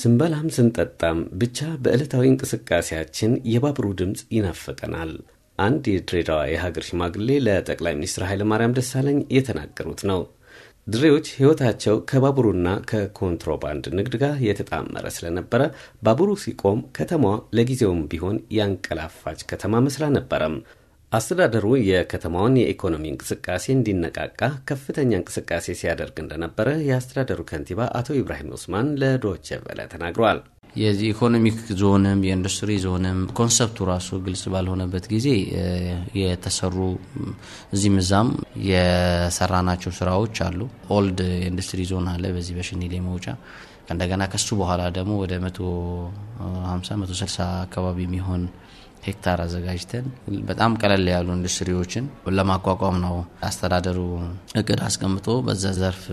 ስንበላም ስንጠጣም ብቻ በዕለታዊ እንቅስቃሴያችን የባቡሩ ድምፅ ይናፈቀናል። አንድ የድሬዳዋ የሀገር ሽማግሌ ለጠቅላይ ሚኒስትር ኃይለማርያም ደሳለኝ የተናገሩት ነው። ድሬዎች ሕይወታቸው ከባቡሩና ከኮንትሮባንድ ንግድ ጋር የተጣመረ ስለነበረ ባቡሩ ሲቆም ከተማዋ ለጊዜውም ቢሆን ያንቀላፋች ከተማ መስላ ነበረም። አስተዳደሩ የከተማውን የኢኮኖሚ እንቅስቃሴ እንዲነቃቃ ከፍተኛ እንቅስቃሴ ሲያደርግ እንደነበረ የአስተዳደሩ ከንቲባ አቶ ኢብራሂም ኡስማን ለዶቼ ቬለ ተናግረዋል። የዚህ ኢኮኖሚክ ዞንም የኢንዱስትሪ ዞንም ኮንሰፕቱ ራሱ ግልጽ ባልሆነበት ጊዜ የተሰሩ እዚህም እዛም የሰራናቸው ስራዎች አሉ። ኦልድ የኢንዱስትሪ ዞን አለ በዚህ በሽኒሌ መውጫ እንደገና ከሱ በኋላ ደግሞ ወደ 150 160 አካባቢ የሚሆን ሄክታር አዘጋጅተን በጣም ቀለል ያሉ ኢንዱስትሪዎችን ለማቋቋም ነው አስተዳደሩ እቅድ አስቀምጦ በዛ ዘርፍ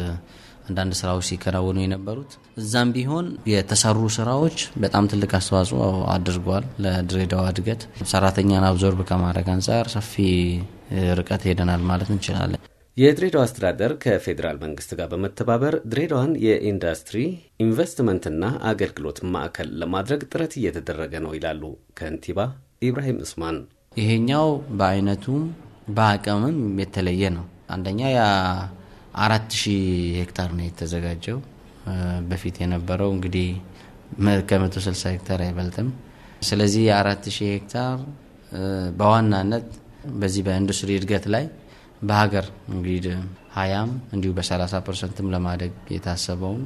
አንዳንድ ስራዎች ሲከናወኑ የነበሩት እዛም ቢሆን የተሰሩ ስራዎች በጣም ትልቅ አስተዋጽኦ አድርጓል። ለድሬዳዋ እድገት ሰራተኛን አብዞርብ ከማድረግ አንጻር ሰፊ ርቀት ሄደናል ማለት እንችላለን። የድሬዳዋ አስተዳደር ከፌዴራል መንግስት ጋር በመተባበር ድሬዳዋን የኢንዱስትሪ ኢንቨስትመንትና አገልግሎት ማዕከል ለማድረግ ጥረት እየተደረገ ነው ይላሉ ከንቲባ ኢብራሂም እስማን ይሄኛው በአይነቱም በአቅምም የተለየ ነው። አንደኛ የአራት ሺህ ሄክታር ነው የተዘጋጀው። በፊት የነበረው እንግዲህ ከመቶ ስልሳ ሄክታር አይበልጥም። ስለዚህ የአራት ሺህ ሄክታር በዋናነት በዚህ በኢንዱስትሪ እድገት ላይ በሀገር እንግዲህ ሀያም እንዲሁ 30 ፐርሰንትም ለማደግ የታሰበውን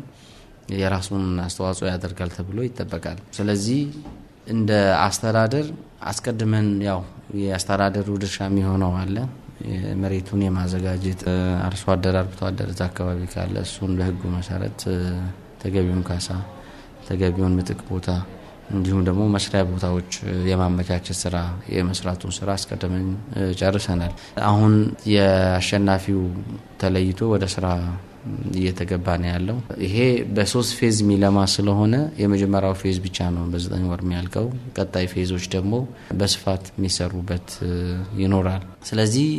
የራሱን አስተዋጽኦ ያደርጋል ተብሎ ይጠበቃል። ስለዚህ እንደ አስተዳደር አስቀድመን ያው የአስተዳደሩ ድርሻ የሚሆነው አለ መሬቱን የማዘጋጀት አርሶ አደር አርብቶ አደር እዛ አካባቢ ካለ እሱን በህጉ መሰረት ተገቢውን ካሳ ተገቢውን ምጥቅ ቦታ እንዲሁም ደግሞ መስሪያ ቦታዎች የማመቻቸት ስራ የመስራቱን ስራ አስቀድመን ጨርሰናል። አሁን የአሸናፊው ተለይቶ ወደ ስራ እየተገባ ነው ያለው። ይሄ በሶስት ፌዝ የሚለማ ስለሆነ የመጀመሪያው ፌዝ ብቻ ነው በዘጠኝ ወር የሚያልቀው። ቀጣይ ፌዞች ደግሞ በስፋት የሚሰሩበት ይኖራል። ስለዚህ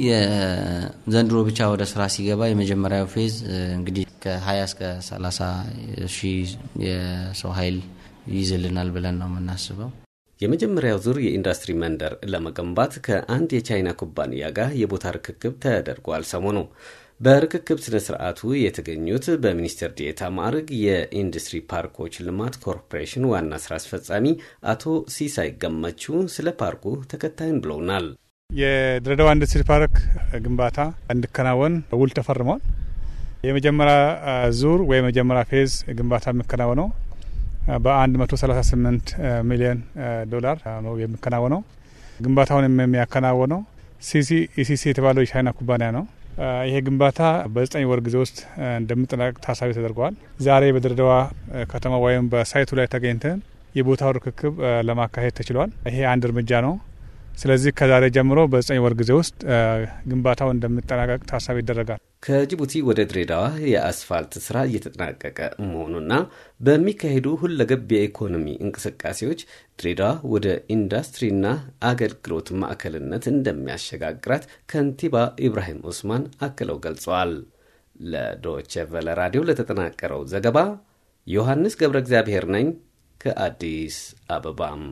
ዘንድሮ ብቻ ወደ ስራ ሲገባ የመጀመሪያው ፌዝ እንግዲህ ከ20 እስከ 30 ሺህ የሰው ኃይል ይይዝልናል ብለን ነው የምናስበው። የመጀመሪያው ዙር የኢንዱስትሪ መንደር ለመገንባት ከአንድ የቻይና ኩባንያ ጋር የቦታ ርክክብ ተደርጓል። ሰሞኑ በርክክብ ስነ ስርዓቱ የተገኙት በሚኒስትር ዴኤታ ማዕረግ የኢንዱስትሪ ፓርኮች ልማት ኮርፖሬሽን ዋና ስራ አስፈጻሚ አቶ ሲሳይ ገመቹ ስለ ፓርኩ ተከታይን ብለውናል። የድሬዳዋ ኢንዱስትሪ ፓርክ ግንባታ እንዲከናወን ውል ተፈርሟል። የመጀመሪያ ዙር ወይ የመጀመሪያ ፌዝ ግንባታ የሚከናወነው በ138 ሚሊዮን ዶላር ነው የሚከናወነው። ግንባታውን የሚያከናወነው ሲሲ ኢሲሲ የተባለው የቻይና ኩባንያ ነው። ይሄ ግንባታ በዘጠኝ ወር ጊዜ ውስጥ እንደሚጠናቀቅ ታሳቢ ተደርገዋል። ዛሬ በድሬዳዋ ከተማ ወይም በሳይቱ ላይ ተገኝተን የቦታው ርክክብ ለማካሄድ ተችሏል። ይሄ አንድ እርምጃ ነው። ስለዚህ ከዛሬ ጀምሮ በዘጠኝ ወር ጊዜ ውስጥ ግንባታው እንደሚጠናቀቅ ታሳቢ ይደረጋል። ከጅቡቲ ወደ ድሬዳዋ የአስፋልት ስራ እየተጠናቀቀ መሆኑና በሚካሄዱ ሁለገብ የኢኮኖሚ እንቅስቃሴዎች ድሬዳዋ ወደ ኢንዱስትሪና አገልግሎት ማዕከልነት እንደሚያሸጋግራት ከንቲባ ኢብራሂም ኡስማን አክለው ገልጸዋል። ለዶቼ ቨለ ራዲዮ ለተጠናቀረው ዘገባ ዮሐንስ ገብረ እግዚአብሔር ነኝ ከአዲስ አበባም